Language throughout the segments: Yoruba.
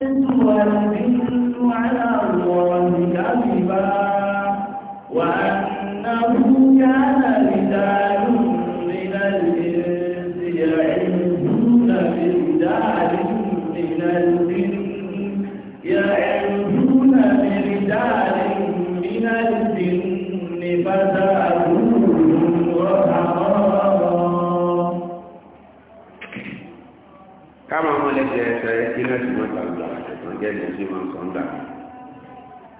والجن على الله كذبا وأنه كان رجال من الإنس يعيشون برجال من الجن يعيشون برجال من الجن فسألوا gẹ́gẹ́ bí wọ́n sọ ń gbà mí.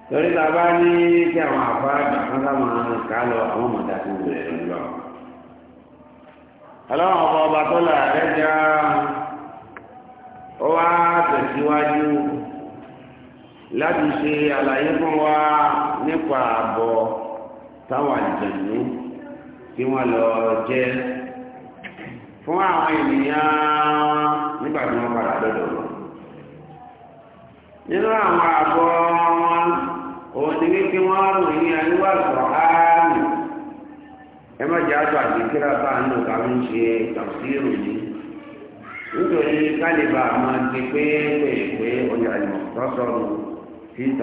torí ta bá ní kí àwọn àfa àgbàkọ́ńtà máa ń ká lọ àwọn ọmọdé àti ìwé rẹ̀ lọ. ọlọ́run ọba ọba tó là lẹ́jà ó wá tẹ̀síwájú láti ṣe àlàyé fún wa nípa àbọ̀ táwọn àjẹ̀mú tí wọ́n lọ jẹ́ fún àwọn ènìyàn nígbà tí wọ́n padà lọ́dọ̀ nínú àwọn àbọ̀ wọn òun ni wípé wọ́n rùn ní àríwá sọ̀hánì ẹ má jẹ́ àtọ̀ àdìkírà bá ń lò ká ń ṣe tàbísírù yìí nítorí kálíbà máa ti pé pé pé ọjà ìmọ̀ tọ́sọ̀rọ̀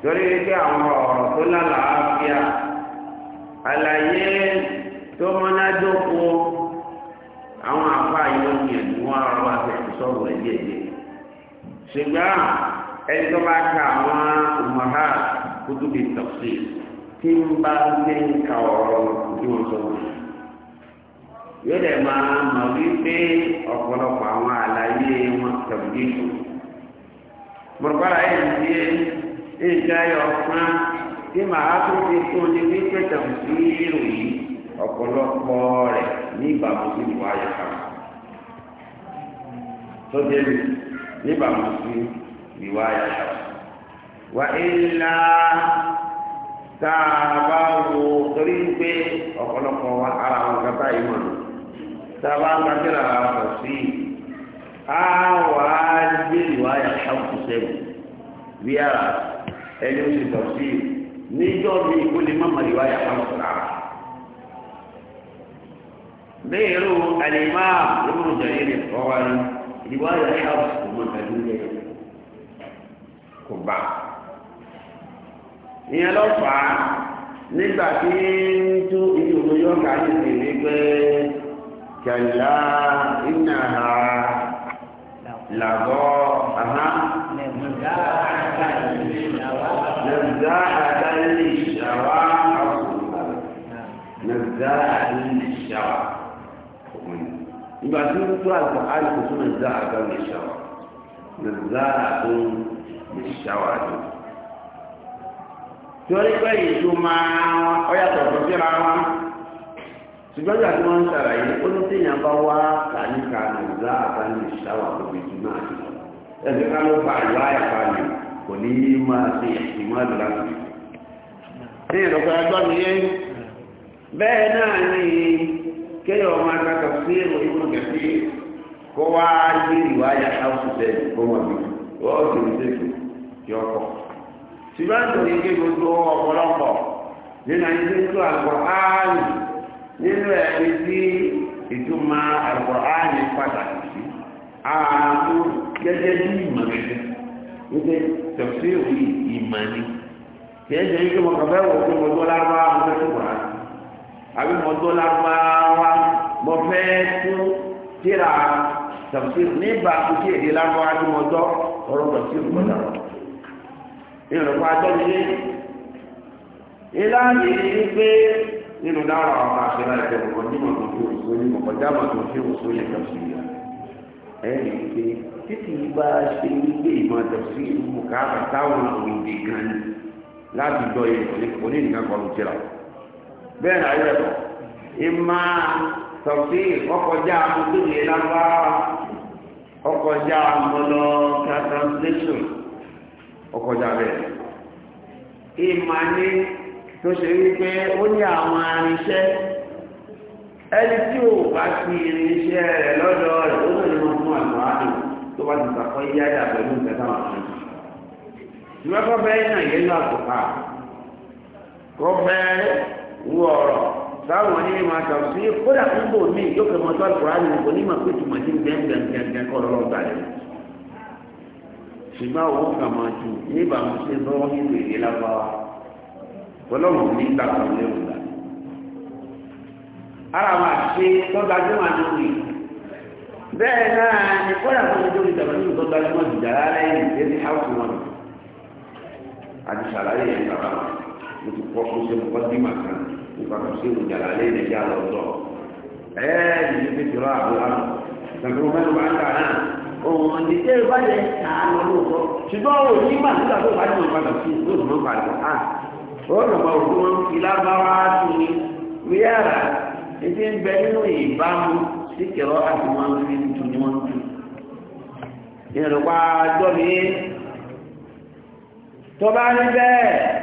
torí pé àwọn ọ̀rọ̀ tó àlàyé àwọn àpá yóò ní ẹ̀dùn wọn rárá wá sí ìsọ̀rọ̀ rẹ̀ díẹ̀ ṣùgbọ́n ẹni tó bá ka àwọn ọmọha kutubi tafsir tí ń bá ní ka ọ̀rọ̀ tí wọ́n sọ yóò dẹ̀ máa mọ̀ wípé ọ̀pọ̀lọpọ̀ àwọn àlàyé wọn yẹn fún tí màá tó ti ní wípé ọ̀pọ̀lọpọ̀ rẹ̀ ní ìbámu sí ìwà ayẹ̀ká tó débi ní ìbámu sí ìwà ayẹ̀ká wà ilà tá a bá wo torí pé ọ̀pọ̀lọpọ̀ wa ara wọn kata yìí mọ̀ tá a bá ń gbàgbéra pọ̀ sí i á wà á gbé ìwà ayẹ̀ká kù sẹ́yìn bí ara ẹni ó ti tọ̀ sí i níjọ́ mi kó lè má mọ̀ ìwà ayẹ̀ká kù rárá. بيرو الإمام ابن جرير الطوالي رواية حفص ومدلولة كبع ìyẹn lọ fà á nígbà tí ń tú ìlú olóyún ọ̀gá yìí sì ní pé kẹlá iná ha làgọ́ àhá nàzá àdáyé ìṣàwá nàzá àdáyé ìṣàwá ìgbà tí ó tó àgbà àìkò tó lè dá àgbà lè ṣàwà lè dá àgbà lè ṣàwà jù. torí pé ètò máa ọyàtọ̀ tó síra wọn ṣùgbọ́n ìgbà tí wọ́n ń ṣàlàyé ó ní téèyàn bá wá kàníkà lè dá àgbà lè ṣàwà lóbi jù náà jù ẹgbẹ́ ká ló fa ìlú àyàfà mi kò ní máa ṣe ìmọ̀ àdúrà bẹ́ẹ̀ náà ni kéèyàn ọmọ agbáka sí èrò ìwọ̀n kẹfì kó wá yé ìwáyà káwùsù bẹ́ẹ̀ kó wọ́n mi wọ́n sì ń tètè kí ọkọ̀. ṣùgbọ́n nítorí pé gbogbo ọ̀pọ̀lọpọ̀ nínú ayé tó ń tó àgbọ̀ áàlù nínú ẹ̀rí tí ìtumọ̀ àgbọ̀ áàlù pàtàkì sí ààbò gẹ́gẹ́ bí ìmọ̀ gẹ́gẹ́ wípé tọ̀síwì ìmọ̀ ni kì í ṣe wípé mo kàn fẹ́ wọ̀ pé mo tó lárúbáwá mo fẹ́ tó wà á àbí mo tó lágbáwá mo fẹ́ tún tíra tafsir nígbà tó tí èdè lágbáwá tí mo tọ́ ọ̀rọ̀ tafsir gbọ́dọ̀ ìrọ̀pá tó ní yé ìlànà yìí pé nínú dára àwọn aṣẹ́lá ẹ̀kọ́ ọ̀kan ní màkàn fi òṣù ní màkàn dá màkàn fi òṣù yẹn kan sí ìyá ẹ̀yìn ní pé títí bá ṣe wípé ìmọ̀ tẹ̀sí ìlú kàkà táwọn òyìnbí kan láti gbọ́ yẹn bẹ́ẹ̀ náà yẹ kọ́ ìmá tọ̀sí ọkọjá amúdúlé lágbára ọkọjá amúlọ translation ọkọjá bẹ́ẹ̀ ìmá ní tó ṣe wípé ó ní àwọn arinṣẹ́ ẹni tí ò bá ti irinṣẹ́ rẹ̀ lọ́dọ̀ rẹ̀ ó lè mọ fún àgbà tó bá ti sàkọ́ yíyájà pẹ̀lú ìgbẹ́ta wà fún un ìwé kọ́ bẹ́ẹ̀ náà yé lọ àtùkà kọ́ bẹ́ẹ̀ wọ ọ̀rọ̀ sáwọn ní ma tọ̀ sí kódà fún bò mí yóò fẹ́ mọ tó àlùkòrán ní kò ní ma pé tùmọ̀ sí gbẹ̀ngbẹ̀ngbẹ̀ kọ́ lọ́wọ́ gbà lẹ́nu. ṣùgbọ́n owó kà máa ju níbà mo lọ́wọ́ nínú èdè lábáwá ọlọ́run ní gbà kan gbà. ara wa ṣe tó gbajúmọ̀ àdúgbò yìí bẹ́ẹ̀ náà ni kódà fún mi lórí ìjàmbá nínú tó gbajúmọ̀ jù dára lẹ́yìn ìdílé house wọn àti ṣàlàyé ìjàmbá mo ti kọ́ ìfàkùsíwò jàlálẹ́ ilẹ̀ yà lọ sọ ẹ̀ẹ́dì ní pétérò àbúrà ìtàkùn mẹ́nu bá ń kà náà òun ní tẹ́ ìbá yẹ káàánú lóòótọ́ ṣùgbọ́n òun ní mà nígbà tó bá ní wọn padà sí yóò tún máa padà á ó lọ bá òkú wọn fi lábáwá sí ni wíyàrá etí ń bẹ nínú ìbámu sí kẹrọ àti wọn fi tu ni wọn tu ìrìnàlùpàá gbọ́ mi tọ́ba ní bẹ́ẹ̀.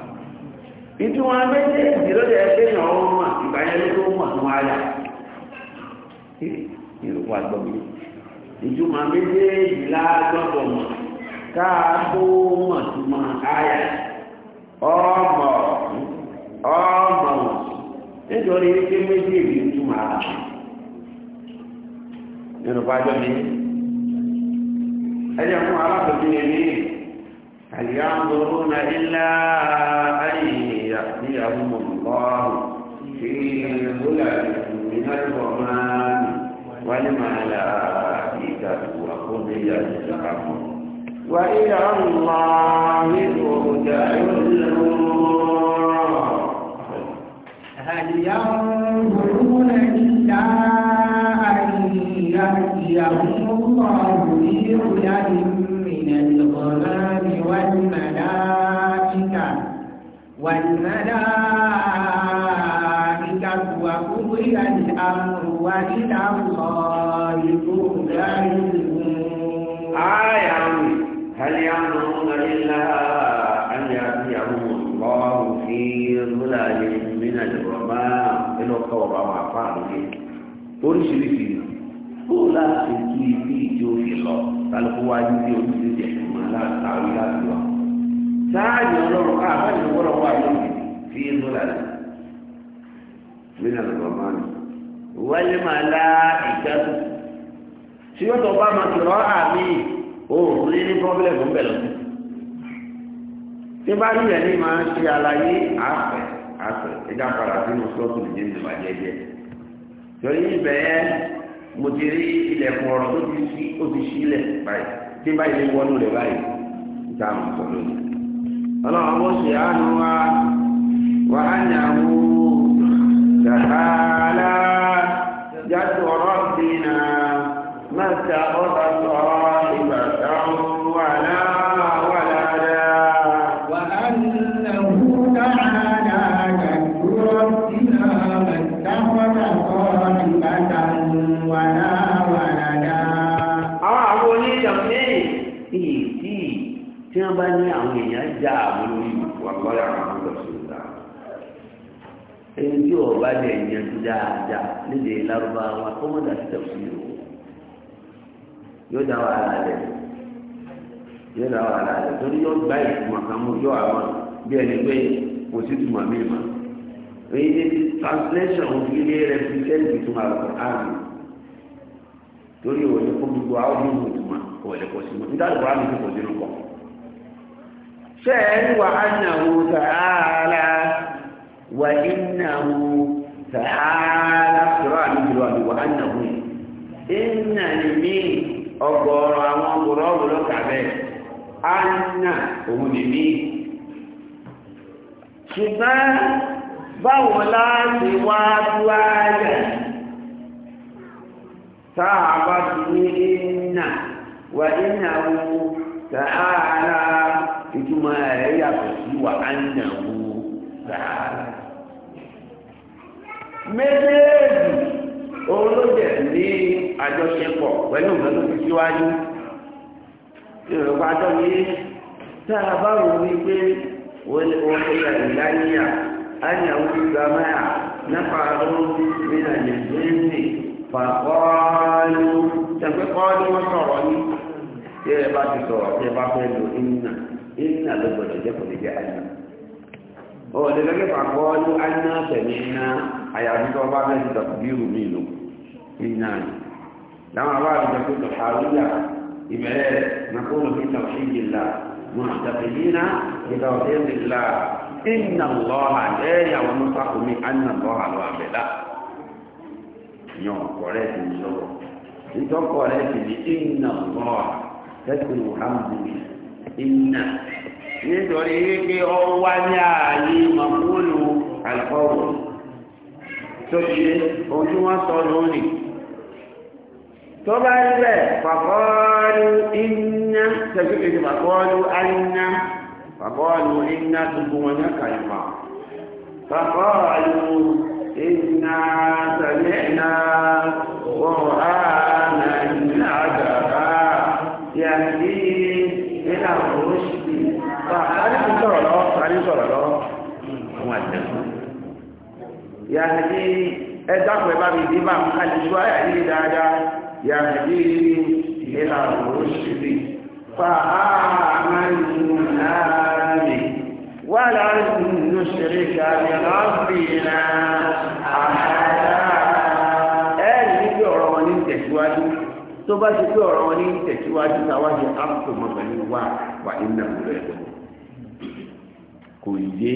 ìtumọ̀ méjèèjì ló jẹ́ pé yàn ọ́n mọ̀ ìgbà yẹn ló tó mọ̀ tó wáyà ìrùkọ́ àgbọ̀mí ìtumọ̀ méjèèjì lágbọ́dọ̀ mọ̀ káàbó mọ̀ tó mọ̀ áyà ọmọ ọmọ nítorí pé méjèèjì túmọ̀ ara ìrùkọ́ àgbọ̀mí ẹ̀yẹ fún alákòókò yẹn ní àlìyá ń lọ́rùn náà ilá ayé. يهديهم الله في ظلال من الرحمن والملائكة وقضي الأمر وإلى الله ترجع الأمور هل ينظرون إلا أن يهديهم الله ضرب الأمر وإلى الله ترجعون آية هل ينظرون إلا أن يأتيهم الله في ظلال من الغمام إلى الطور مع فاعله oríṣiríṣi kó láti kí ibi ìjó fi lọ tálùkù wá ní bí oríṣiríṣi ẹ̀sìn máa láti àwọn ìlànà wa sáàyè ọlọ́run káàkiri ọlọ́run wà lónìí fi ń lọ́la rẹ̀. من الرحمن والملائكة سيوت أوباما قراءة مي أوه ليني بروبلم هم بلون تبعي يعني ما شيء على عفر عفر إذا قرأتين وصلت للجنة ما جاء torí bẹ́ẹ̀ mo ti rí ilẹ̀kùn ọ̀rọ̀ tó ti sí ó ti sílẹ̀ báyìí tí báyìí lè wọnú rẹ̀ báyìí níta mọ̀ sọ lónìí. تعالى جد ربنا ما استعرض bá lè yanjú dáadáa nílé lárúbáwá kó mọ̀ dà sí tẹ̀síwò yóò dá wàhálà rẹ̀ yóò dá wàhálà rẹ̀ torí yóò gbá ìtumọ̀ kan mú yóò àwọn bí ẹni pé kò sí ìtumọ̀ mi mà èyí ni translation ilé rẹ̀ fi sẹ́yìn ìtumọ̀ àlùkò àrùn torí òun ni kó gbogbo àwọn ọdún ìtumọ̀ kò lè kó sí mọ́ nígbà tó wàhálà mi kò sínú kọ́ sẹ́yìn wà á nyà وإنه تعالى قراءة الوالد وأنه إن لمن أقرأ وأقرأ لك به أن هو لمن ṣùgbọ́n báwo láti wá wáyẹ̀ táà bá ti ní ìnà wà ìnáwó méjèèjì òun ló jẹ ní àjọṣepọ̀ pẹ̀lú ìgbà tó síwájú yorùbá tó ní tá a bá wù mí pé wọ́n ṣe yà ìdáyà ányàwó ìgbàmáyà nípa àrùn nínà nìgbésì fàkọ́ọ́lù tẹ̀gbẹ́ kọ́ọ́lù wọn sọ̀rọ̀ ní ya ẹ bá ti àyàfi tó bá fẹ́ ti tàbíru mi lò nínú àná láwọn àbá àti ìjọba tó hàrúyà ìbẹ̀rẹ̀ nàkóòrò fi tàwíṣì là mùsàtàfẹ̀yìnà ìtàwíṣì là inna lọ́ha lẹ́yìn àwọn mọ́sàkùnmí anna lọ́ha lọ́ àbẹ̀là yan kọ̀rẹ́ ti ní lọ́wọ́ ìtọ́kọ̀rẹ́ ti ní inna lọ́ha tẹ́kùn ìhàmùdùmí inna nítorí wípé ọ wá ní ààyè màkúlù àlùkọ́wọ̀ tó ṣe ohun tí wọ́n sọ lónìí tó bá rí bẹ́ẹ̀ fàkọ́ọ́lù iná tẹ̀síkèsì fàkọ́ọ́lù aná fàkọ́ọ́lù iná gbogbo wọn ní àkàyèmá fàkọ́ọ́lù iná tẹ̀lé iná wọ́n á nà iná àgàbá yàtí iná òṣì fàkọ́ọ́lù sọ̀rọ̀ lọ́wọ́ fàkọ́ọ́lù sọ̀rọ̀ lọ́wọ́ yàhàdí ẹ̀dàpọ̀ ẹ̀bá mi dé bá mi ká lè tó àyà dáadáa ya ìlà òṣèlú ya ya ya ya ya ọ̀rọ̀ ya ya tẹ̀síwájú tó bá ti pé ọ̀rọ̀ wọn ní tẹ̀síwájú táwájú ápùtò mọ̀ wà wà ya àbúrò ẹ̀dọ́ kò yé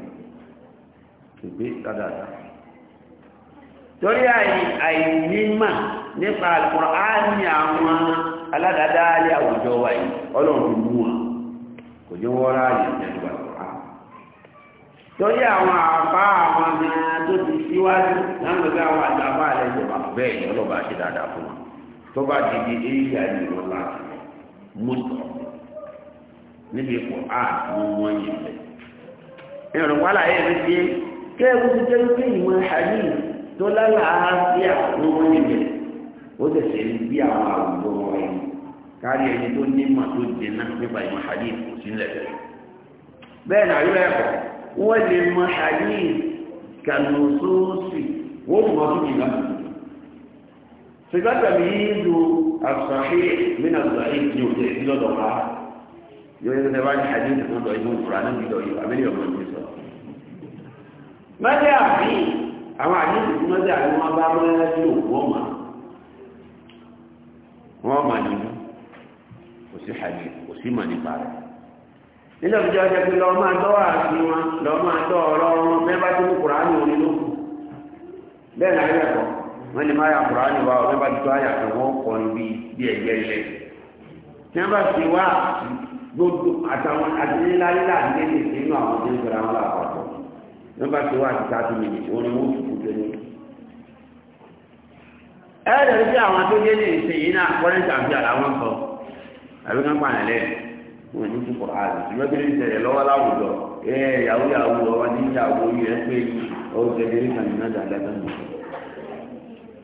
gbé dáadáa torí àìnímà nípa àlùkùrọ̀ á ní àwọn àwùjọ wa yìí ọlọ́run mú wọn kò jẹ́ wọ́n ráàyè ìjẹ́lú àlùkùrọ̀ torí àwọn àbá àwọn gan tó ti síwájú láwọn àwọn àgbàbá rẹ̀ ìjọba bẹ́ẹ̀ ni ọlọ́ba ṣe dáadáa fún wọn tó bá ti di àyè níbi ipò á mú wọn yìí bẹ́ẹ̀ kẹ́ẹ̀kú ti jẹ́ pé ìwọ̀n àyè tó lálàáfíà ló wọ́n níbẹ̀ ó tẹ̀sẹ̀ ní bí àwọn àwùjọ wọn yìí kárí ẹni tó ní mà tó dènà nípa ìwọ̀n àyè kò sí lẹ̀ bẹ́ẹ̀ náà yóò ẹ̀kọ́ wọ́n lè mọ àyè kànúsóòsì wọ́n mọ̀ tó yìí lọ́nà ṣùgbọ́n tàbí yìí lu àṣàṣe nínú àṣàṣe ní òkè ìlọ́dọ̀ wa yóò yẹ kí wọ́n bá ní àyè ìdìbò dọ̀ ìlú ìfúra náà ní ìdọ̀ yìí àbẹ́lẹ̀ ọ̀gbọ̀n mẹ́jẹ̀ àbí àwọn àdíjì tí mẹ́jẹ̀ àbí wọ́n bá mẹ́rẹ́ sí òkú wọ́n mà nínú kò sí hàjì kò sí mà nípa rẹ̀ nílẹ̀ òjò ọjọ́ pé lọ máa tọ́ àti wọn lọ máa tọ́ ọ̀rọ̀ wọn mẹ́bá tó mú kùránì òní ló kù bẹ́ẹ̀ náà yẹ̀ wọ́n lè má yà kùránì na nígbà tí wọ́n àti tààtì mi orí wọ́n tutù tó ní. ẹ lẹ́yìn tí àwọn tó gé ní ìsìn yìí náà kọ́rin tàbí àláwọn sọ àbí kan pààyàn lẹ́yìn wọ́n ní ti kọ̀ọ̀ àlè ṣùgbọ́n kí ló ń lọ́wọ́ láwùjọ ẹ yàwó yàwó ọmọ ní yìí pé ní kàní náà dàgbà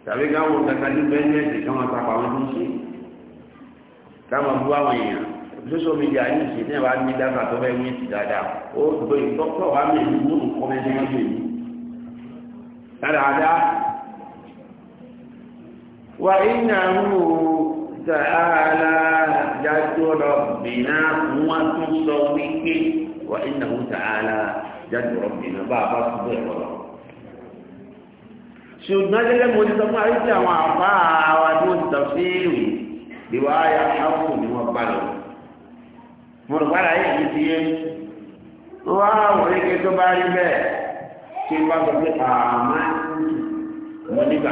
tàbí káwọn kankan ní bẹ́ẹ̀ social media yìí ṣe ní ẹ̀wá ní dáta tó bẹ́ẹ̀ ní ti dáadáa ó gbé ìtọ́kọ̀ wá lè ní mú kọ́mẹ́ntì wọn lè ní. dáadáa wà ìnáwó tààlà jájọ́ lọ bìnà wọn tún sọ wípé wà ìnáwó tààlà jájọ́ lọ bìnà bá a bá tún ṣùgbọ́n gẹ́gẹ́ mo ti sọ fún àyíkí àwọn àbá àwọn àdúgbò ti tàbí ìwé ìwà ayà áwò ni wọ́n bá lọ mo rò padà yìí ti yé wá òrèké tó bá rí bẹ́ẹ̀ tí n bá sọ pé àmà mo nígbà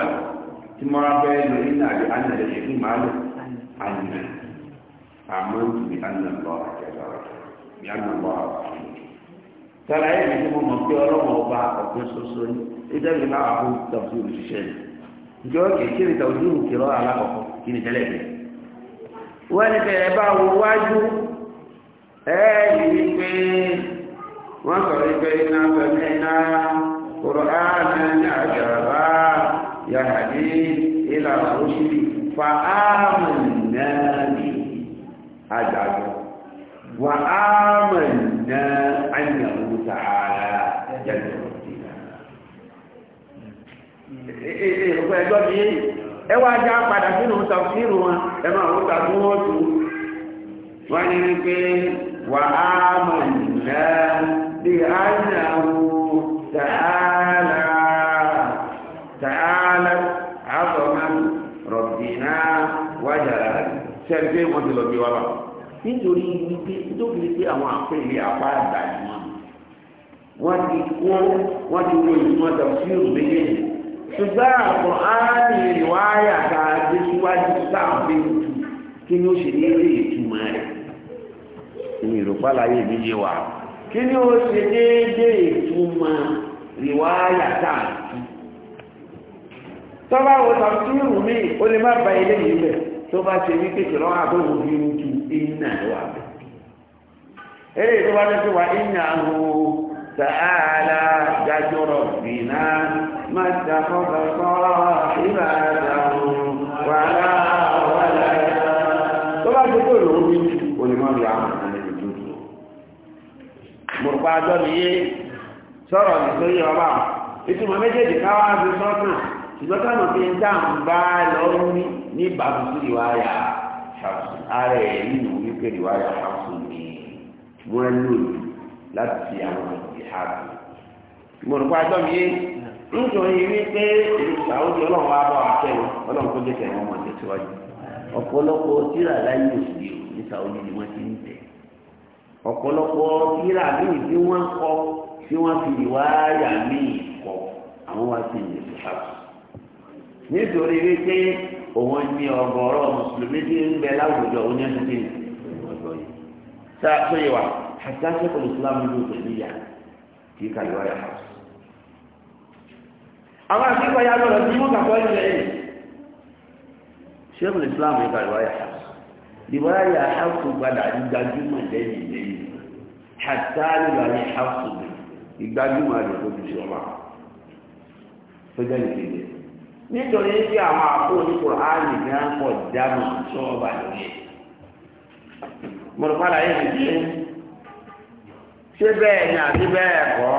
tí mo rà bẹ́ẹ̀ lórí nàbí ànàlẹ́ yẹn fún màálù ànà àmà ń tùbí ànà lọ àjẹsà bí ànà lọ àwọn tọ́lá yìí ni mo mọ̀ pé ọlọ́mọ ọba ọ̀gbìn ṣoṣo ní ìdẹ́gbẹ̀ẹ́ náà àbó tọ̀sí òṣìṣẹ́ ni ìjọ kìí kí ni tọ̀sí òkè lọ́wọ́ alákọ̀ọ́kọ́ kí ni tẹ́lẹ̀ bẹ́ẹ̀ wọ́n ní tẹ̀lé bá wo wájú ẹ̀ẹ́dì wípé wọ́n sọ wípé iná sọ̀mí iná kùrọ̀ánà ní àjàrà yàhàdí ilà òṣìlì fa ámìnà àjàrà wà ámìnà àyàwó tààrà yàtọ̀ ìrùkọ وآمنا بأنه تعالى تعالى عظما ربنا وجلاله سيرتين وانت لو بيوابا nítorí wípé nítorí pé àwọn àpẹẹrẹ apá àgbà ni wọn wọn ti kó wọn ti wo ìtumọ̀ tàbísírù méjèèjì ṣùgbọ́n àpò áàmì ìwáyà ká gbé síwájú sáà fi ń tu kí ni ó ṣe ní ilé ìtumọ̀ rẹ̀ èmi ìrọ̀pá láyé mi yé wa kí ni ó ṣe déédéé ìtumọ̀ rìwáyà táàkì tọ́ba wo tàbíìrù mi ó lè má ba ilé yìí bẹ̀ tó bá ṣe ní kékeré wọn àbẹ̀wò bí irú ju iná wà bẹ̀ eré tó bá ní pé wà iná ahò sàálà dájọ́rọ̀ bìnà má ṣàkóso ìlà àdàrú wàhálà wàhálà tó bá ṣe pé òun ní onímọ̀ bí àwọn. mọ̀pá àjọ nìyé sọ̀rọ̀ nítorí ọba ìtumọ̀ méjèèjì káwá ń fi sọ́kàn ṣùgbọ́n fi ń dá ń bá ní sí ìwáyà ṣàkóso nínú wípé ìwáyà ṣàkóso ni wọ́n lò láti àwọn ìhàbù. mọ̀pá àjọ ọ̀pọ̀lọpọ̀ kíra míì tí wọ́n kọ tí wọ́n fi ìwáyà míì kọ àwọn wá sí ìlú ṣáàtù nítorí wípé òun ní ọgọ́rọ̀ mùsùlùmí tí ń bẹ láwùjọ oníyànjú sáàtò yìí wà àtàkùn kò islam ló ń tẹ̀lé yà kí ká ìwáyà ha. àwọn akẹ́kọ̀ọ́ yà lọ́rọ̀ tí wọ́n kàkọ́ ilẹ̀ yìí ṣé kò islam yìí ká ìwáyà ha. ìwáyà ha kò lẹ́yìn lẹ́yìn hàtàlì làní hàfù ìgbájúmọ̀ rẹ̀ tó ti ṣe ọmọ tó jẹ́ ìdílé nítorí pé àwọn àpò oníkùrọ̀ áàlì ní à ń pọ̀ dáná sọ́ọ̀bà lóye mọ̀rọ̀ padà yẹn ti ṣe ṣé bẹ́ẹ̀ ni àti bẹ́ẹ̀ kọ́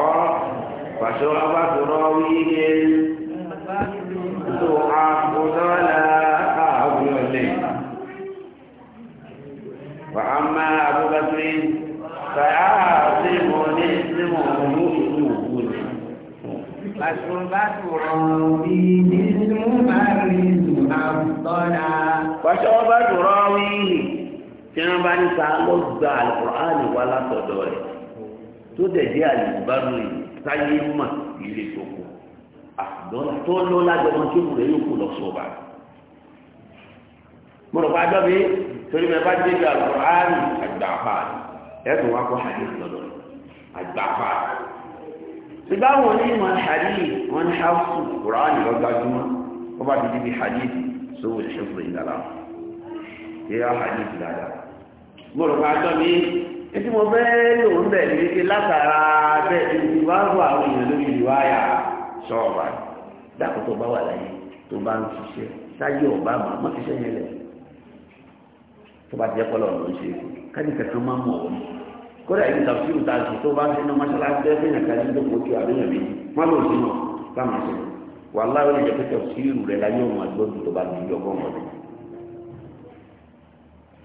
pàṣẹ ọba tó rọ wíyé tó àfọ̀dọ́là àwùjọ lẹ́yìn. wàá máa abúgbàtúrin فعاصم اسمه Fàṣọ́bá dùrọ̀ wíìlì tí wọ́n bá ní ta ló gba àlùkùránì wá látọ̀dọ̀ rẹ̀ tó dẹ̀dẹ̀ àlùbárò yìí táyé mà ilé tó kù. Àdọ́là tó ló lájọmọ tí òkú rẹ̀ yóò kú lọ sọ̀bà. Mo rò pé ajọ́ mi torí mi bá dé bí àlùkùránì àgbà pa àná ẹ̀sùn wa kọ́ hadith lọ́dọ̀ àgbàfà ṣùgbọ́n àwọn onímọ̀ hadith wọn ní hausu kùránì lọ́gbàjúmọ́ ó bá ti dìbí hadith sówó ìṣẹ́fún ìdàlá yẹ á hadith dáadáa mo rò pa àjọ mi etí mo fẹ́ lò ń bẹ̀ ní wípé látara bẹ́ẹ̀ ti wá rọ àwọn èèyàn lórí ìlú àyà sọ̀rọ̀ dàpọ̀ tó bá wà láyé tó bá ń ṣiṣẹ́ sáyé ọ̀bá mọ̀ mọ́ ṣiṣẹ́ yẹn lẹ̀ tó bá ti jẹ́ pọ́lọ́ ọ̀rọ̀ ń ṣe kájí kẹ̀kẹ́ máa mọ̀ ọ́ kódà ìlú tàbísírù tá a tó bá ń sinú mọ́ṣáláṣí ẹgbẹ́ má ṣe wà láwọn ìjọ pé tàbísírù rẹ láyé òun àgbọ̀dù tó bá di ìjọ ọgbọ̀n ọdún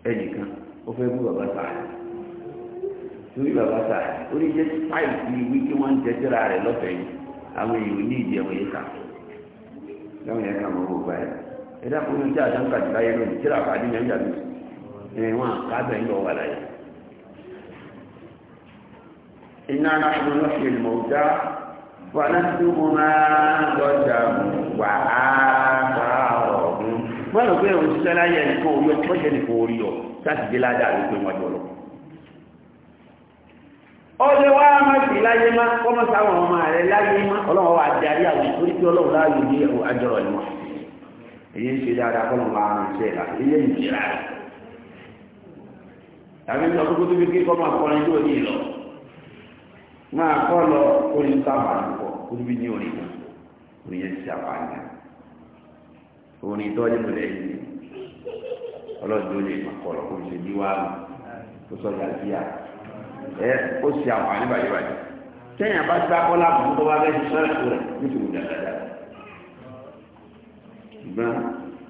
ẹnìkan ó fẹ́ bú bàbá sáà torí bàbá sáà ó ní jẹ́ kí wọ́n ń rẹ̀ lọ́fẹ̀ẹ́ yìí àwọn èèyàn ní ìdí ẹ̀wọ̀n yẹn ẹ̀dá إنا نحن نحيي الموتى ونكتب ما قدموا وآثارهم wọ́n lọ pé òun ṣiṣẹ́ láyé ẹnìkan orí ọtí mọ́ṣẹ́ nìkan orí ọ láti dé ládàá ló pé wọ́n jọ lọ. ọdẹ wa má sí láyé má kọ́mọ sáwọn ọmọ rẹ láyé má ọlọ́run wa di ayé àwọn ìtorí pé ọlọ́run láàyò ní àjọrọ̀ ni wọ́n. èyí ń ṣe dáadáa kọ́nà wa ń ṣe máa kọ́ lọ orí sábà nìkọ́ olúbi ní orí náà orí yẹn ti àpáyà orí tọ́jú rẹ̀ yìí ọlọ́dún lè máa kọ́ lọ kó ṣe bí wàá kó sọ́jà sí à ẹ ó ṣe àǹfààní bàjẹ́bàjẹ́ sẹ́yìn àbá gbá kọ́lá àbùkù tó bá fẹ́ ṣiṣẹ́ rẹ̀ nítorí dàgbàdà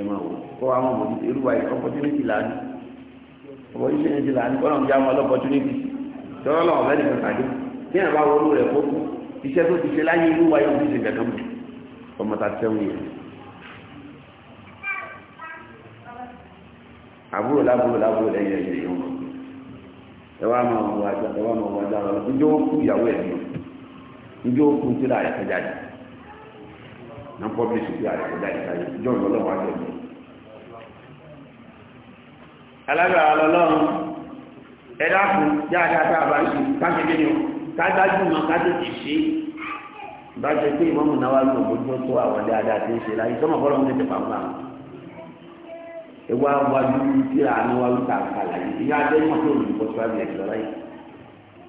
ẹ̀mọ̀ wò kó àwọn ọmọ irú wa opportunity là ní opportunity là ní kọ́nà ọ̀jà wọn lọ́pọ̀tunity tọ́lọ́ lọ́wọ́ bẹ́ẹ̀ nìkan kàdé kí ẹ̀ bá wọlé rẹ̀ fókù iṣẹ́ tó ti ṣe láyé ṣe ọmọ ta yẹn. àbúrò lábúrò lábúrò lẹ́yìn ẹ̀yìn ẹ̀yìn wọn ẹ wá máa wọ ajá ẹ wá máa wọ ajá ìyàwó na public bí àìkọjá ìtayé john lọ́lọ́wọ́ àjẹmí alábẹ́ àlọ́lọ́run ẹ̀dá fún dáadáa tá a bá ń ṣe káṣẹ́gbé ni ó kájájú mọ́ kájọ́jì ṣe bá jẹ pé ìmọ̀mù náà wà ní òbójú tó àwọn dáadáa ti ń ṣe láyé sọ́mọ̀ bọ́lá ń tètè pàmò àwọn ewu àwọn adúlù tí a ní wà lóta àkàlà yìí ìyá adé mọ̀ tó lù bọ́ síwájú ẹ̀ lọ́la yìí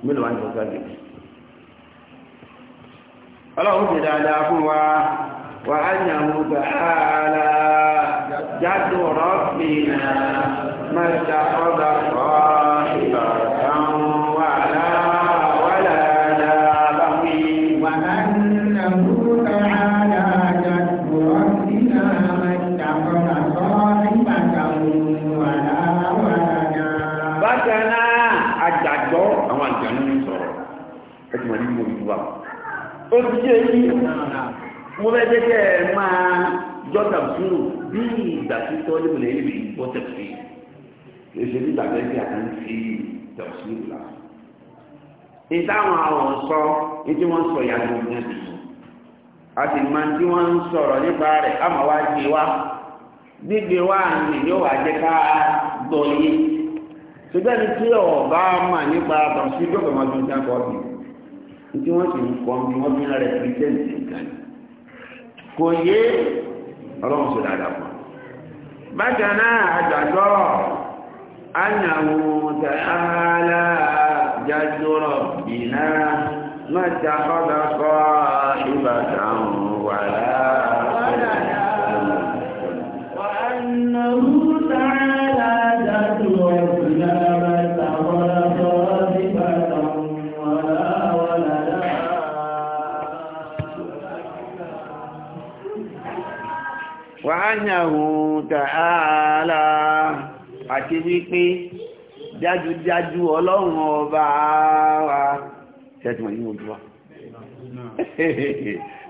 mélòó wà ní bọ́ síwájú ẹ̀ ọlọ́run ti dáadáa fún wa وأنه تعالى جد ربنا ما اتخذ صاحبة ولا ولدا له وأنه تعالى جد ربنا ما اتخذ صاحبة ولا ولدا بكنا أجدو أما الجنون صار أجمل يوم يوم أجمل mo fẹ́ jẹ́ kẹ́ ẹ máa jọ́tà fúnù bí ìgbà tí tọ́ ní ìwòlẹ́ yìí bọ́ tẹ̀sí èsì fi tẹ̀sí ìwòlá. ìtàwọn àwọn sọ ní tí wọ́n sọ ní ẹ̀sìn sọ a sì tí wọ́n ń sọ̀rọ̀ nípa rẹ̀ àmọ́ wá gbé wá gbígbé wá ní yóò wà jẹ́ ká gbọ́ yé ṣùgbọ́n ní tí kò yé ọlọ́run ṣe dáadáa fún bákan náà àjàjọ́ ányàwó tààlà jájọ́ rọ̀ bìnà mọ́ta kọ́dọ̀kọ́ ìbàdàn annahu ta'ala àti wípé dájúdájú ọlọ́run ọba wa ṣẹ́tùmọ̀ ní ojú wa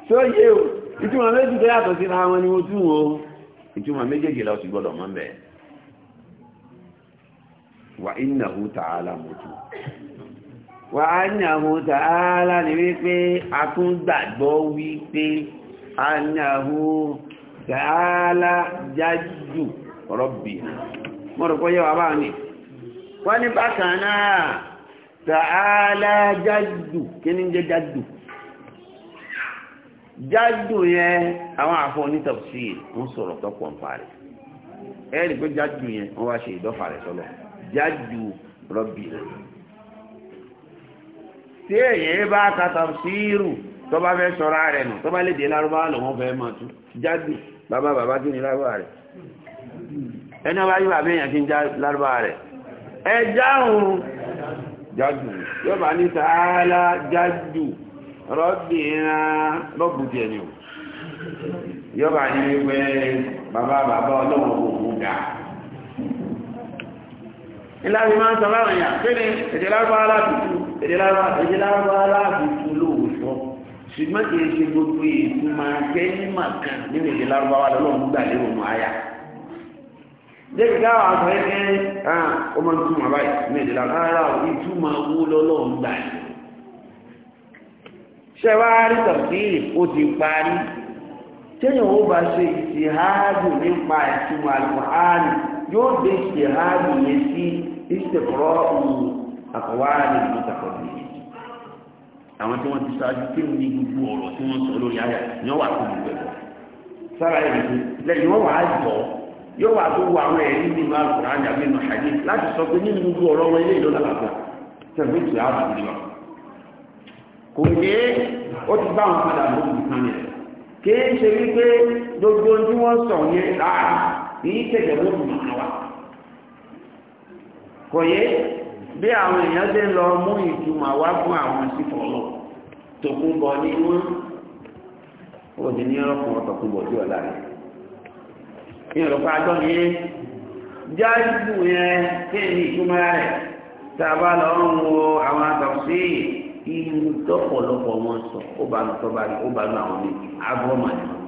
tó yé o ìtumọ̀ méjì tó yàtọ̀ sí ra wọn ni ojú o ìtumọ̀ méjèèjì lọ sí gbọ́dọ̀ mọ́ bẹ́ẹ̀ wà innahu ta'ala mojú wà annahu ta'ala ni wípé a tún gbàgbọ́ wípé annahu ta'ala tààlà jájú rọ́bì mọ́rùkú yẹ́ wà bá ní wọ́n ní bákan náà tààlà jájú kí ní jẹ́ jájú jájú yẹn àwọn àfọ́ ní tafsir ń sọ̀rọ̀ tọ́pọ̀ ń parí ẹ̀rì pé jájú yẹn wọ́n wá ṣe ìdọ́fà rẹ̀ sọ́lọ̀ jájú rọ́bì rẹ̀ tí èyàn bá ka tafsiru tó bá fẹ́ sọ̀rọ̀ rẹ̀ nù tó bá lè dé lárúbáwá lòun fẹ́ máa tú jájú bàbá bàbá kí ni lárúbá rẹ̀ ẹni ọba yóò bàbá èèyàn kí ń já lárúbá rẹ̀ ẹ jáhùn jájú yóò bá ní sàálà jájú rọ́bì ìran lọ́bù tiẹ̀ ni o yóò bá ní wípé bàbá bàbá ọlọ́wọ́ òkú ga ìlànà máa ń sọ èèyàn kí ni èdè lárúbá aláàbùtù èdè lárúbá aláàbùtù lò ṣùgbọ́n kì í ṣe gbogbo ìtumọ̀ kẹ́límà kan nínú èdè lárúbáwá lọ́wọ́ ń gbà lérò mọ́ àyà. débi káwọn aṣọ ah, ẹgbẹ́ ọ máa ń túmọ̀ báyìí nínú èdè lárúbáwá rárá o ìtumọ̀ owó lọ́wọ́ ń gbà. ṣẹ́wáárí tọ̀síìrì ó ti parí téèyàn ó bá ṣe ìṣèháàdù nípa ìtumọ̀ àlùfáàlù yóò dé ìṣèháàdù yẹn sí ìṣèkọ̀rọ̀ àwọn tí wọ́n ti ṣáájú kí wọ́n ní gbogbo ọ̀rọ̀ tí wọ́n sọ lórí ayà ni wọ́n wà tó gbogbo ẹ̀kọ́ sára ẹ̀ nìkan lẹ́yìn wọ́n wà á jọ yóò wà tó wọ àwọn ẹ̀rí nínú àgùrá àjàgbé nù àyè láti sọ pé nínú gbogbo ọ̀rọ̀ wọn ilé ìlọ́lá làbọ̀ tẹ̀gbẹ́ tó yà wà nílọ. kò yé ó ti bá wọn padà bó ti yẹn kìí ṣe wípé gbogbo tí wọ́n sọ yẹn láàá kìí tẹ̀gbẹ́ bó ti mọ̀ kò yé bí àwọn èèyàn ṣe lọ mú ìtumọ̀ wá fún àwọn sífọ̀ lọ tòkúnbọ ní wọn ó di ní ọlọ́kùnrin tòkúnbọ tí ọ̀la rẹ̀ ní ọ̀lọ́pàá àjọ ni yẹn jáìbù yẹn kí ni ìtumọ̀ rẹ̀ tá a bá lọ ń wo àwọn àtọ̀sí ìlú tọ́pọ̀lọpọ̀ wọn sọ ó bá lọ tọ́ba ó bá lọ àwọn ní abọ́mọ̀ nìkan.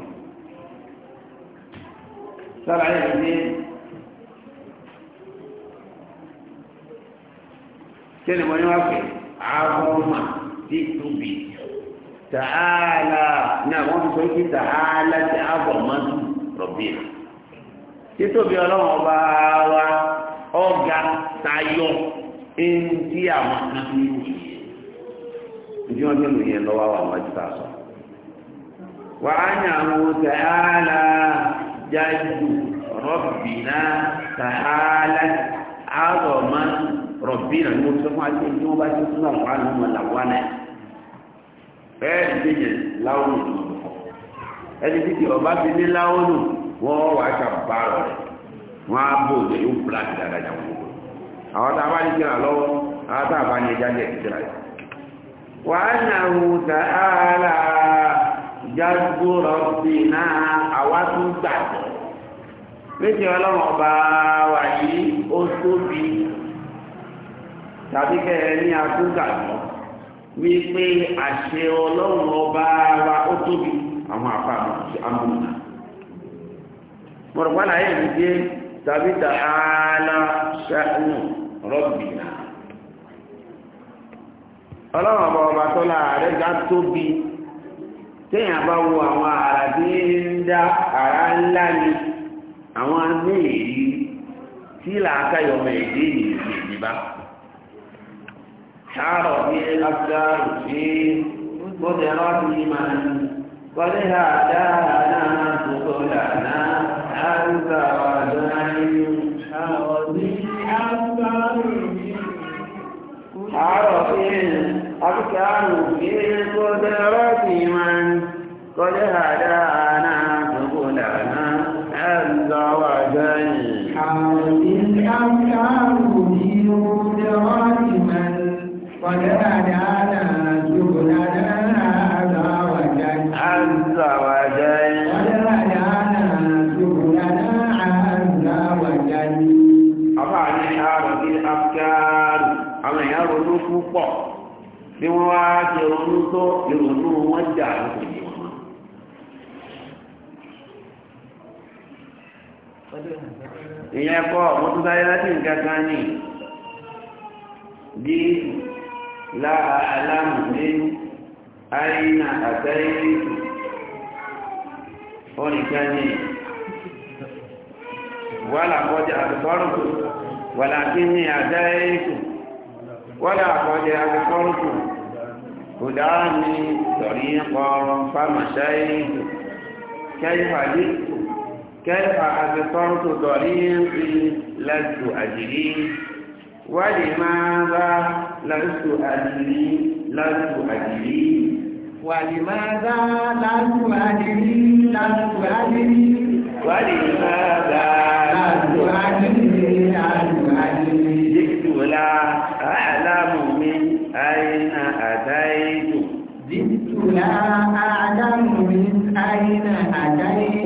kíni mo ní wá pé àbọ̀mà dídùbì tààlà náà wọ́n fi sọ tààlà ti àbọ̀mà dù rọ̀bì rẹ̀ ọba wa ọ̀gá tayọ ẹnjí àwọn kan ní ìwòye ìdí wọn tó lòye lọ́wọ́ àwọn ọmọ rọ̀bì ni mo sọ fún wa tí wọ́n bá ti tún náà wà ní ọmọ bẹ́ẹ̀ ẹni ọba ti ní láwọn nù ṣàbá rẹ̀ wọ́n á bò yóò ti jà wọ́n àwọn tá a bá ní lọ́wọ́ àwọn tá a bá ní ẹja wà yìí ó tóbi. tàbí kẹrẹ ní akúgbàgbọ́ wípé àṣẹ ọlọ́run ọba wa ó tóbi àwọn àfa àmúna mọ̀rọ̀pá láyé dé tàbí rọ́bìnà ọlọ́run ọba ọba tọ́lá rẹ̀ ga tóbi téèyàn wo àwọn tí ń dá ńlá ni àwọn tí làákàyọ̀mọ̀ èdè شعر به الأبدار في قدرة من ولهذا ناس طلعنا أنت وزعيم شعر به الأبدار شعر به في قدرة من قد هدانا tọ́ ìrònú wọn jà lóko yìí wọn. ìyẹn kọ́ wọ́n tún sáré láti nǹkan kan ní bí láà aláàmù nínú àìyíná àtẹ́yìí wọ́n nìkan ní wàhálà kọjá àtọ́rùkù wàhálà kí ní àtẹ́yìí wàhálà kọjá àtọ́rùkù. هداني طريقا فمشيت كيف جئت كيف أبصرت طريقي لست أدري ولماذا لست أدري لست أدري ولماذا لست أدري لست أدري ولماذا لست أدري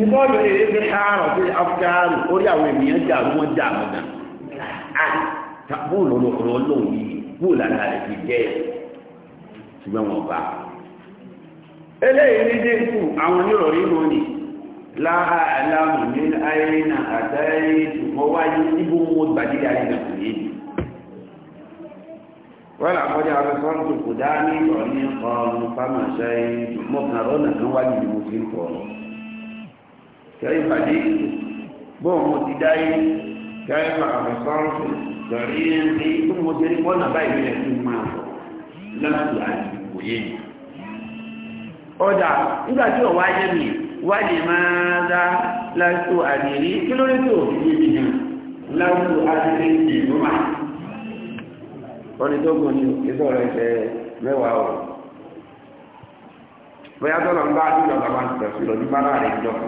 ìkọlù èyí fi hàrọ̀ sí afghan orí àwọn ènìyàn jà wọ́n jà mọ̀nà bóòlù ọ̀rọ̀ ọlọ́run yìí bóòlù ti jẹ́ ṣùgbọ́n wọn bá eléyìí ní dínkù àwọn onírọ̀rí wọn ni láàlámù ní àìrìnà àtàrí ṣùgbọ́n wáyé níbo wọn gbàdílé àìrìnà kò yé ni wọ́n là kọjá kò dá ní fámàṣẹ́ kan wáyé ń كيف جئت بهم تداي كيف بصرف ضرير في ثم مجرم وانا باي من الثم لم تعجب وين ọjà nígbà tí ọ̀wá jẹ́ mi wà lè máa dá láìsò àdìrí kí ló rí tí ò fi mi nà láìsò àdìrí ní ìlú mà ọdún tó gùn ní ìsọ̀ mẹ́wàá ọ̀ bóyá tọ́lọ̀ ń bá àdúgbò bàbá ń tẹ̀sí lọ́dún bá láàrin ìjọba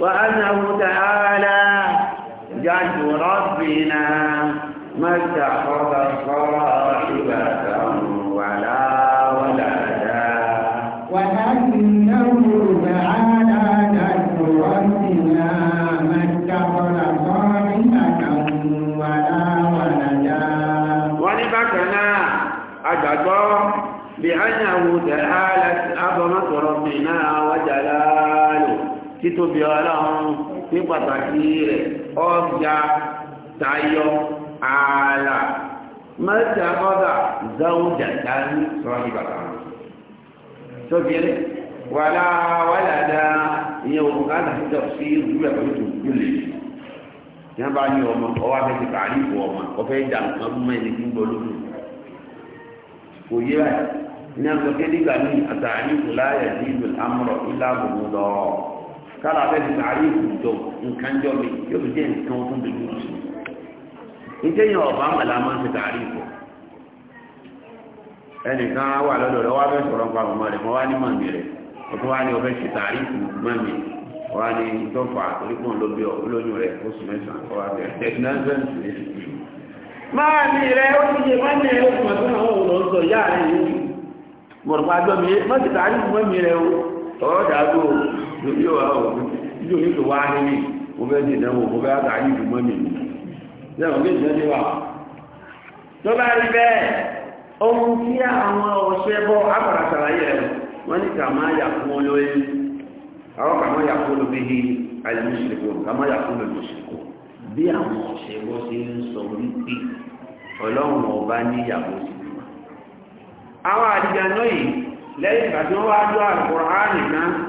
وأنه تعالى جد ربنا ما اتخذ صاحبته títóbi ọlọ́run ní pàtàkì rẹ̀ ọjà tayọ ààlà mẹ́ta kọ́dà záwùjà dání sọ́ọ́ ní bàtà wọn. tóbi ẹni wàlá wàlàdà ìyẹn òkú káàdà sí ìjọsí ìlú tó gbélé ní wọn bá ní ọmọ ọwọ́ afẹ́ ti ọmọ ọfẹ́ ìjà nǹkan fún mẹ́rin ní gbọ́ kò yé báyìí ní míì àtàrí ní ìlú ìlà gbogbo kára abẹ́ fi tààrí ìkùjọ nǹkan jọ mi yóò fi jẹ́ nǹkan tó ń dojú sí i ìtẹ́yìn ọ̀bá màlá máa wà lọ́dọ̀ rẹ̀ wá fẹ́ sọ̀rọ̀ pa màmá rẹ̀ mọ́ ti lórí ọ̀rọ̀ àwọn ìjọ yìí tó wá nílé mo fẹ́ di ìdánwò mo fẹ́ àtàrí ìdùnmọ́ mi ní ẹ̀wọ̀n kí ìdílé wà. tó bá rí bẹ́ẹ̀ ohun tí àwọn ọ̀ṣẹ́ bọ́ àpàràtàrà yẹ wọ́n ní kà máa yà fún àwọn kà máa yà fún olóbi kà máa yà fún bí àwọn ọ̀ṣẹ́ bọ́ ń sọ wípé ọlọ́run ọba níyàwó sí àwọn àdìgànnà yìí lẹ́yìn ìgbà tí wọ́n wá lọ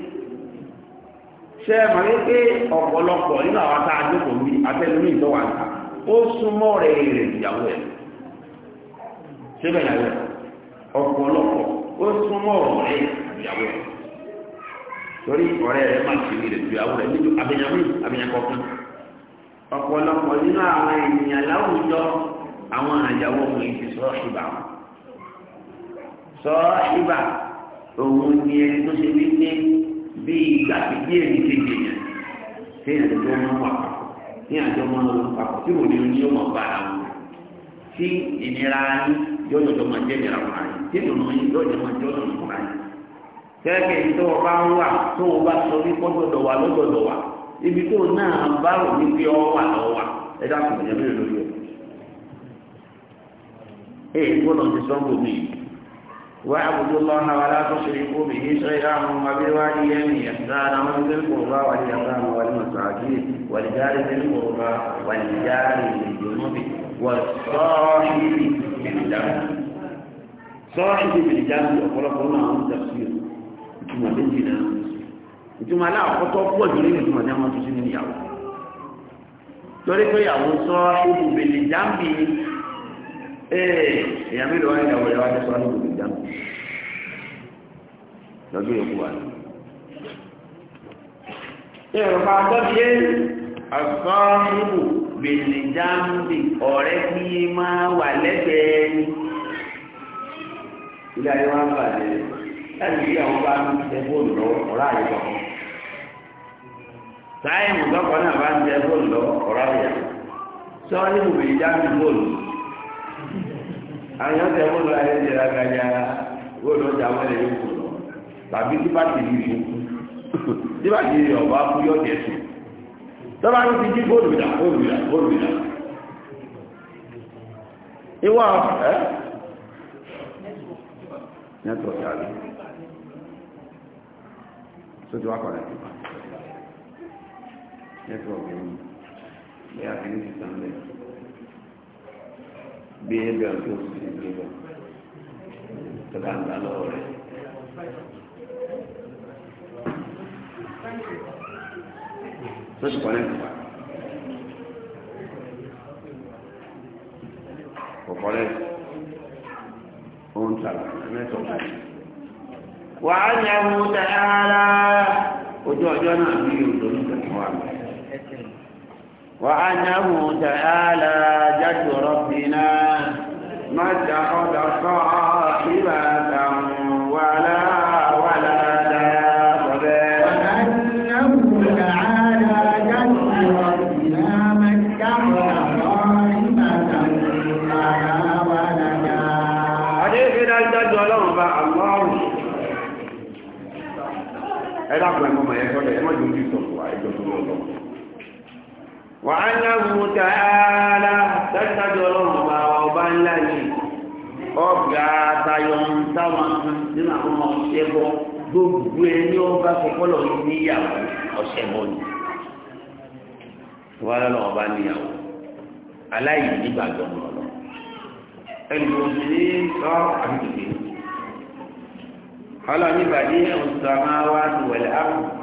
ṣe é màá wípé ọ̀pọ̀lọpọ̀ nínú àwọn tá a jókòó bí atẹ́lómi ìtọ́wà ta ó súnmọ́ rẹ̀ rẹ̀ ìyàwó ẹ̀ síbẹ̀ ìyàwó ẹ̀ ọ̀pọ̀lọpọ̀ ó súnmọ́ rẹ̀ ìyàwó ẹ̀ torí ọ̀rẹ́ rẹ̀ máa ṣe rẹ̀ ìyàwó rẹ̀ nínú abẹ́yàmí abẹ́yàkọ̀kan ọ̀pọ̀lọpọ̀ nínú àwọn ènìyàn láwùjọ àwọn àyàwó ọmọ yìí ti sọ́ọ́ ṣùgbà sọ́ọ́ ṣùgbà òun ni ẹni tó ṣe wípé bí ìgbà kìkì èyí ti gbìyàn tí ìyàjọ tó máa wà papọ̀ tí ìyàjọ máa lọ papọ̀ tí òní oní yóò máa bá ara wọn tí ìnira yín yóò jọjọ máa jẹ́ ìnira wọn ayé tí ìdùnnú yín yóò jọ máa jẹ́ ìdùnnú wọn ayé. kẹ́kẹ́ ibi tó o bá ń wà tó o bá sọ wípé ọ̀dọ̀dọ̀ wà lọ́dọ̀dọ̀ wà ibi tó náà bá rò ní pé ọ wà lọ wà ẹ dákun ìyàmẹ́rin lórí ẹ̀. èyí gbọ́dọ̀ واعبدوا الله ولا تشركوا به شيئا وبالوالدين احسانا وذي القربى واليتامى والمساكين والجار ذي القربى والجار للجنوب والصاحب بالجنب صاحب بالجنب يقول قلنا عن تفسير ثم بنتنا ثم لا خطوة قوة جريمة ثم جمعة سنين يعود torí pé ìyàwó sọ ee eh, èèyàn mi lọ wá ìyàwó rẹ wá ní sọ́ọ́ níbi ìdáná lọ́dún yòókù wà ní. Yorùbá tó ṣe àsọ́nùbù bìnnìjàmbì ọ̀rẹ́ tí máa wà lẹ́gbẹ̀ẹ́ ni. Ilé ayé wa ń bàjẹ́ láti bí àwọn bá ń tẹ fóònù lọ ọ̀rá àyè kọ̀ọ̀kan. Táyà ìmùtọ́kọ̀ náà bá ń tẹ fóònù lọ ọ̀rá àyè. Sọ́nùbù bìnnìjàmbì fóònù àyàn tẹ wọn lọ ayé jẹrà gàdá wọn lọ jà wọn lè yóò kù lọ tàbí tí bá ti yìí kú tí bá ti yìí ọba kú yọ jẹ sùn tọ́ba ló ti jí bóòlù dà bóòlù dà bóòlù dà ìwọ ẹ nẹtọ sáré sójú wa kọlẹ tó nẹtọ ọgbẹni bẹ́ẹ̀ àti ní sísan lẹ́yìn bí ẹgbẹ́ ọ̀tún sì ti lọ tó bá ń gbà lọ́wọ́ rẹ̀. tó sì kọ́ lẹ́nu pa kò lẹ́nu ohun tààlà mẹ́tọ̀ báyìí. wàá yẹ wo tẹ̀ ẹ́ ara ojú ọjọ́ náà bí odò nígbà tó wà lọ. وأنه تعالى جد ربنا ما اتخذ صاحبا wà á náwó tààlà dájúdájú ọlọ́run ọba ọba ńlá yìí ọgá tayọ ń táwọn nínú àwọn ọmọ ọ̀sẹ̀ bọ́ gbogbo ẹni ọba fọpọlọ níyàwó ọ̀sẹ̀ bọ́ ni wọ́n ọba níyàwó aláìní nígbàgbọ́ ọmọ ọlọ́ ẹni tó ní sọ àbíkèké ọlọ́ọ̀ní bàdí ọ̀sán máa wá ti wẹ̀lẹ̀ áàpù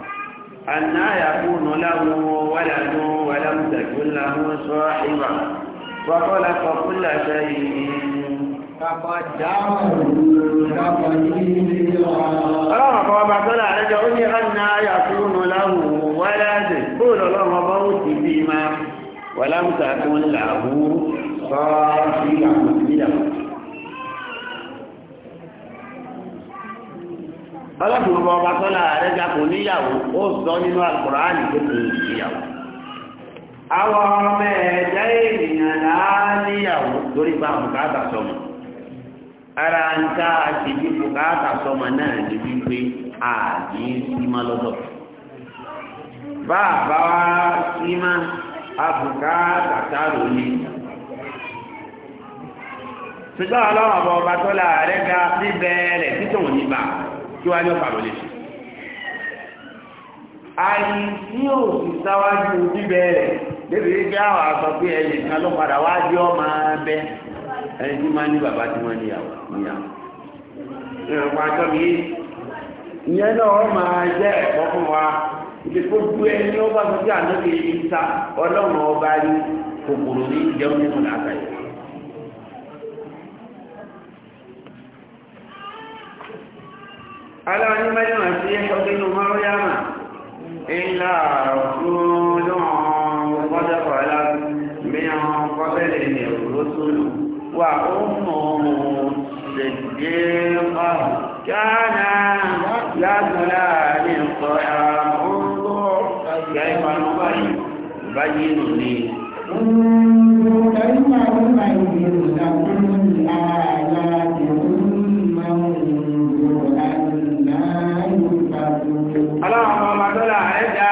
àná àyàkùn láwọn wàlà nù wàlà mùtàkùn láwọn sọ ìwà wàkọ́lá kọkúlà sẹ́yìn ọlọ́run ọba ọba tọ́lá àrẹjọ ó ní àná àyàkùn láwọn wàlà dè bóòlù ọlọ́run ọba ó ti bí máa wàlà mùtàkùn láwọn sọ ìwà ọlọ́dún ọba ọba tọ́lá rẹ̀ níyàwó ó nínú al tó níyàwó àwọn ọmọ ẹ̀dá ènìyàn níyàwó torí bá sọmọ ara ń ká àti bí sọmọ náà ní wípé ààyè símá lọ́dọ̀ bàbá wa símá sáró ní ṣùgbọ́n ọlọ́run ọba kí wá ní ọ̀pá lọ́lẹ̀ sí. àìsí òsì sáwájú bíbẹ̀rẹ̀ débi wípé àwọn àgbà pé ẹ̀yìn kan ló padà wá jẹ́ ọmọ abẹ ẹni tí máa ní bàbá tí wọ́n níyàwó níyàwó. ìrọ̀pá àjọ mi ìyẹn náà máa jẹ́ ẹ̀kọ́ fún wa ìdìbòdú ẹni ó bá sọ sí àná kejì ń ta ọlọ́run ọba ní kòkòrò ní ìjẹun nínú làákàyè. aláwọn mẹ́rin sí ọdún mọ́ríyàmà ilá ọ̀tún ọ̀pọ̀dọ̀pọ̀ alábìyàn kọ́bẹ̀lẹ̀ ní òrótúlù wà ó mọ̀ ṣèdè ọ̀hún kíánà lágbàlá ní ọ̀pọ̀ àmúgbò kẹfà ń báyìí báyìí nù ní. Kẹ́yìn ní ara ọlọ́run ọmọ ọmọ tó là rẹ̀ dá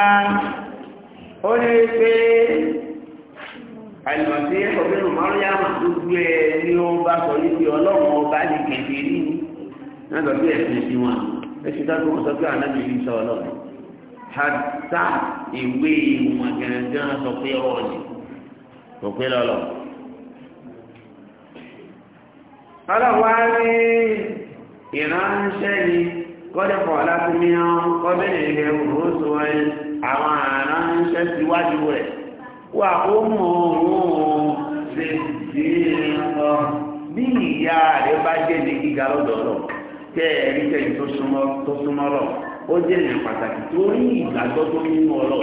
ó ní pé àìmọ̀tí ọ̀gbẹ́rún mọ́ríyàmù dúdú ẹ ní ó bá sọ níbi ọlọ́run ọba ní kẹ̀kẹ́ rí náà sọ pé ẹ̀sìn sí wọn ẹ̀sìn dájú wọn sọ pé ànábì rí sọ ọlọ́run kọ́dẹ̀ pọ̀ láti mìíràn kọ́bẹ̀rẹ̀ ilẹ̀ òróso ẹ àwọn aránṣẹ́ síwájú rẹ̀ wà ó mọ̀ òun lè dé ọ bí ìyá rẹ̀ bá jẹ́ ní gíga lọ́dọọdọ̀ kẹ́ ẹ̀rí kẹ́yìn tó súnmọ́ lọ ó jẹ́ ní pàtàkì tó rí ìgbàgbọ́ tó nínú ọlọ́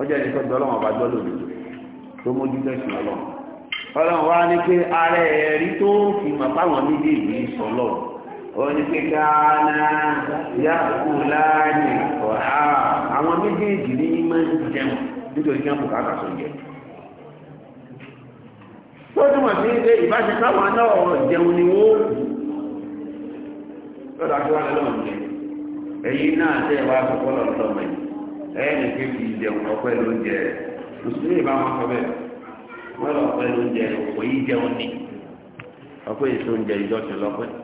ọjọ́ ìdíkọ́ gbọ́lọ́wọ́ bá gbọ́lọ́ òdòdó tó mójútó ìsìn ọlọ́run ọlọ́run wá ní pé ara ẹ̀rí tó fi mọ̀ fáwọn méjèèjì sọ lọ́wọ́ oníkíkáná yàkùláàní ọ̀há àwọn méjèèjì ní máa ń jẹun nítorí kí wọ́n kò káàkà sọ jẹ tó túnmọ̀ sí ilé ìbáṣe káwọn náà jẹun ni wó lọ́dọ̀ àti wọ́n lọ́wọ́ jẹ ẹ̀yìn náà tẹ́ wá sọ́kọ́ na mẹ́ ẹ̀yìn njem fi elu ọpẹ́ lóúnjẹ mùsùlùmí bá wọn sọ bẹ́ẹ̀ elu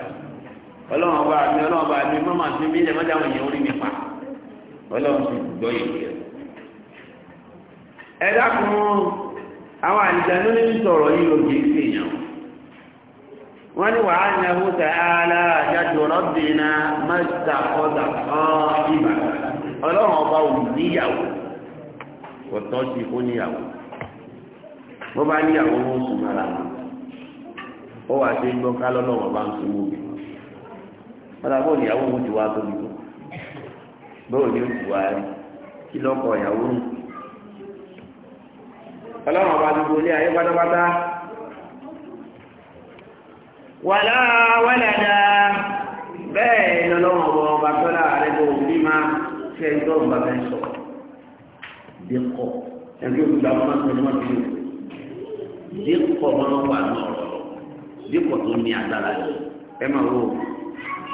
ọlọ́run ọba mi ọlọ́run ọba mi mọ́mà sí mi ilẹ̀ mọ́jà wọ̀nyẹn orí mi pa ọlọ́run gbọ́ ẹ dákun àwọn àlìjáde ní sọ̀rọ̀ yìí ló wọ́n ní wàá ní ẹ̀hún tẹ̀ ẹ́ẹ́lá àjájọ mẹ́ta ọ̀dà ìbà ọlọ́run ọba ò níyàwó ọ̀tọ́ sí kó níyàwó bó bá níyàwó ó sùn mọ́ra ó wà sí gbọ́ ká lọ́lọ́wọ́ ń sunwó wọn àbọ̀ ìyàwó ti wá tóbi tó bẹ́ẹ̀ ni ó wá rí kí lọ́kọ̀ ìyàwó ọlọ́run ọba gbogbo ilé ayé pátápátá wàlá wàlàdà bẹ́ẹ̀ ni ọlọ́run ọba ọba tọ́lá rẹ bó bí máa ṣe ń tọ́ ọba sọ dẹ́kọ̀ ẹgbẹ́ wọn dẹ́kọ̀ wà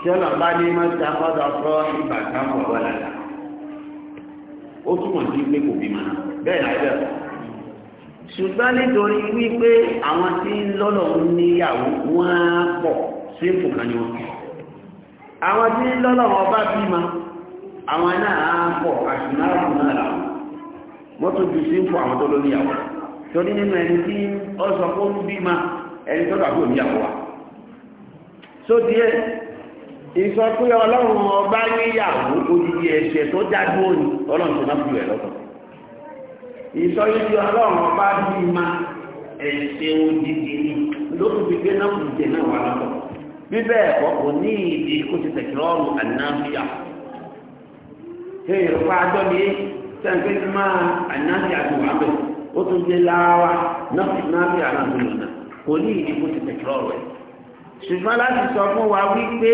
tí ọlọ́run bá ní mọ́ta ọ̀dọ̀ ọ̀fọ́ ìgbà kan kọ̀ ó sí pé kò bímọ bẹ́ẹ̀ náà bẹ́ẹ̀ ṣùgbọ́n nítorí wípé àwọn tí ń níyàwó wọ́n á pọ̀ sí kan ni wọn àwọn tí ń wọn bímọ àwọn náà á pọ̀ náà wọ́n ju sí àwọn tó ló níyàwó torí nínú ẹni tí ó sọ ẹni ìsọkúlẹ Ọlọ́run ọba níyàwó odidi ẹsẹ tó jáde òní Ọlọ́run tó náà fi rẹ lọ́tọ̀ ìsọyídì Ọlọ́run ọba bíi ma ẹsẹ odidi ni lókùn fi gbé náà kùn jẹ náà wà lọ́tọ̀ bíbẹ ẹkọ kò ní ìdí kó ti tẹkẹ lọrùn ànáfíà èèrè fún adọ ni sẹńpé ti máa ànáfíà tó wà bẹ ó tún gbé láwa náà fi náà tó ṣùgbọ́n láti sọ fún wa wípé.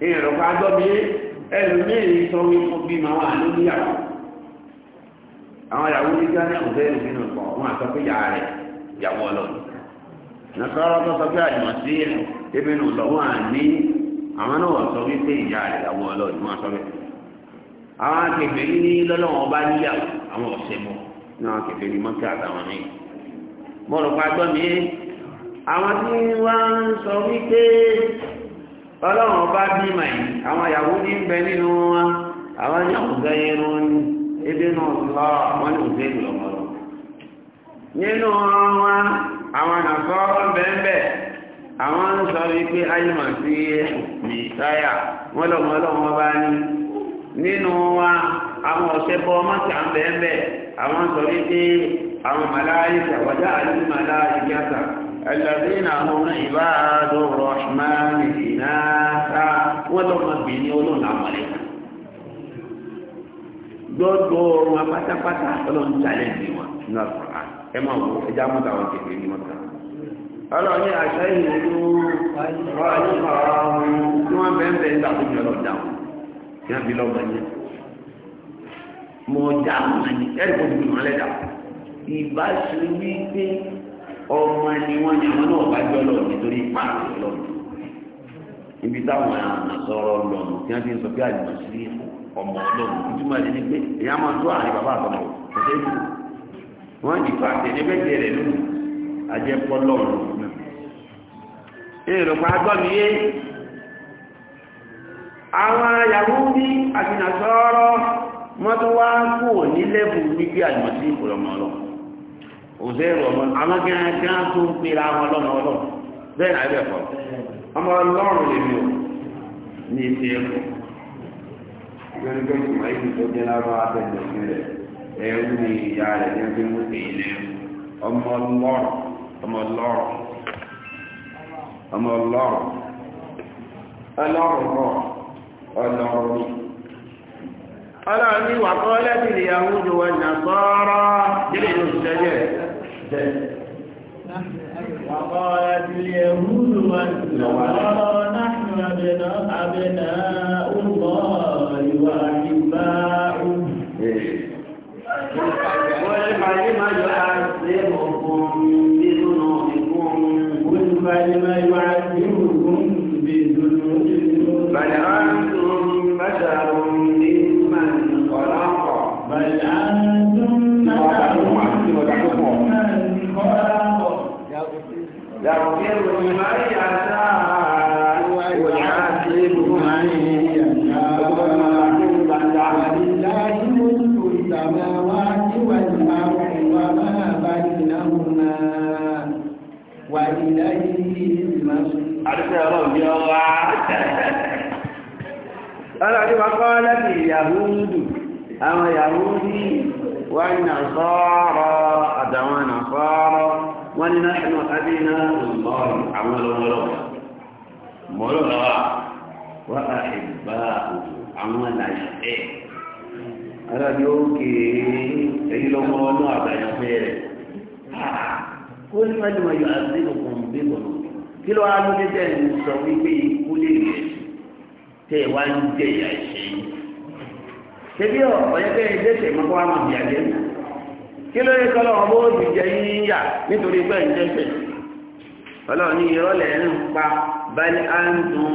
ìrọ̀pá gbọ́bí ẹ̀rù mẹ́rin sọ wípé bí ma wà ló níyàwó àwọn ìyàwó ní gánà ọ̀fẹ́ ìrìnà pọ̀ wọn àsọ pé yà rẹ̀ ìyàwó ọlọ́run nàkọ́rọ́ tó sọ pé àjùmọ̀ sí ebi nù lọ wọn à ní àwọn náà sọ wípé ìyá rẹ̀ ìyàwó ọlọ́run wọn sọ bẹ́ẹ̀ àwọn akẹgbẹ́ ní lọ́lọ́wọ́n bá níyàwó àwọn ọ̀sẹ̀ mọ́ ní àwọn akẹgbẹ́ ní mọ́kẹ́ àtàwọn míì mọ̀rọ̀ pàgbọ́ mi àwọn tí wọ́n sọ wípé ọlọ́run ọba bí màí àwọn Yahudi ń bẹ nínú wọn àwọn ní ọ̀gá irun ní ebi náà lọ wọn ní òfin ìlú nínú wọn àwọn nàfọ́ bẹ́ẹ̀ àwọn ń sọ wípé ayémọ̀ sí ẹ̀sùn ìsáyà wọn lọ́mọ ọlọ́run ọba ní nínú wa àwọn ọ̀sẹ̀ bọ́ الذين هم عباد الرحمن إناثا ولهم بني ولهم عملك gbogbo wọn pátápátá ọlọ́run jalè ní wọn ní àkùrá ẹ máa wọ ẹjá mọ́ta wọn kékeré ní mọ́ta ọlọ́run ní àṣà ìlú ọ̀ọ́nì ọ̀ọ́run tí wọ́n bẹ́ẹ̀ bẹ́ẹ̀ nígbà tó ń yọ̀rọ̀ dáhùn tí wọ́n fi lọ́gbọ̀n yẹn mọ̀ dáhùn ẹni ọmọ ni wọ́n ní àwọn náà bá jọ lọ nítorí pààrọ̀ lọ ibi táwọn àsọ̀rọ̀ lọ tí wọ́n ti ń sọ pé àjùmọ̀ sí ọmọ ọlọ́run ìtumọ̀ ẹni pé èyí máa tó àárín bàbá àtọmọ kò pàṣẹ lónìí èrò pa gbọ́ mi yé àwọn wá ní wípé àjùmọ̀ sí òṣèré ọmọ àwọn gángan tó ń pera wọn lọ́nà ọlọ́run bẹ́ẹ̀ náà bẹ́ẹ̀ kọ́ ọmọ ọlọ́run lèmi ò ní ìṣe ẹ̀kọ́ ìgbẹ́ni tó kù máa yìí tó jẹ́ lábọ́ abẹ́jọ́sí rẹ̀ ẹ̀rú ni ìyá rẹ̀ ní ẹgbẹ́ mú èyí lẹ́rú ọmọ ọlọ́run ọmọ ọlọ́run ọmọ ọlọ́run ọlọ́run kọ́ ọlọ́run ọlọ́run ní wàkọ́ lẹ́sìn ìyàwó jù wọn nà sọ́ọ́rọ́ jẹ́lẹ̀ ló ṣiṣẹ́ jẹ́ وقالت اليهود والنصارى نحن أبناء ṣebí ọ̀yẹ́ pé ìdẹ́sẹ̀ mọ́kọ́ àmọ́ ìyà jẹ́ ní kí ló yẹ kọ́lọ́ ọmọ òbí jẹ yíyà nítorí pé ìdẹ́sẹ̀ ọlọ́run ní ìrọ́lẹ̀ ń pa bal antum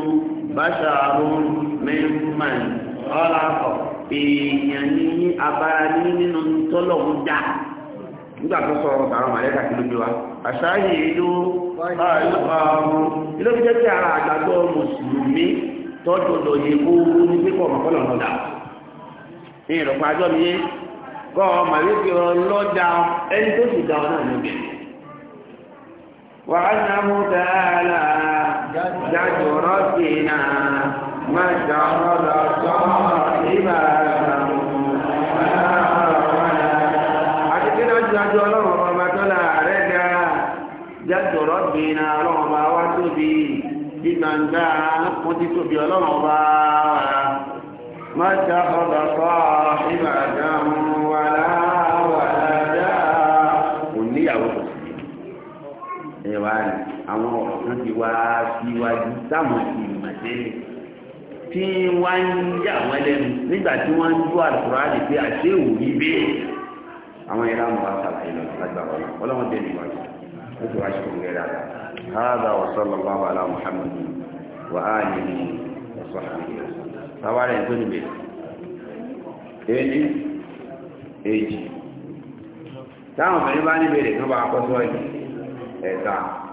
basharun mimman ọlọ́kọ̀ èèyàn ní abára ní nínú tọ́lọ́hún já nígbà tó sọ ọ̀rọ̀ àwọn màlẹ́kà kí ló gbé wa àṣáyè ìlú ọ̀rọ̀ ìlú fi jẹ́ pé ara àgbàdo mùsùlùmí tọ́jú lòye ìrọ̀pá àjọ mi yé kọ́ ọmọ wípé ọlọ́dà ẹni tó sì dá ọ náà níbi. wàá nà mú tààlà jáde rọ́ọ̀tì náà má jà ọ́ lọ sọ ìbà àti kí náà jáde ọlọ́run ọba tó la rẹ̀ dá jáde rọ́ọ̀tì náà ọlọ́run ọba wá tóbi bí gbàǹgbà wọ́n ti tóbi ọlọ́run ọba. ما اتخذ صاحبة ولا ولدا oníyàwó kò sí ẹ wá ní àwọn ọ̀rọ̀ kan ti wá síwájú táwọn ti mọ̀ sílẹ̀ tí wá ń yà wọ́n lẹ́nu nígbà tí wọ́n ń dúró àdúrà lè pé àṣé ò rí bẹ́ẹ̀ àwọn ẹ̀rọ àwọn bá lọ lágbàrọ̀ náà ọlọ́wọ́n sáwárẹ̀ ń tó níbẹ̀ èyí èjì táwọn obìnrin bá níbẹ̀ rẹ̀ kan bá kọ́ síwájú ẹ̀ta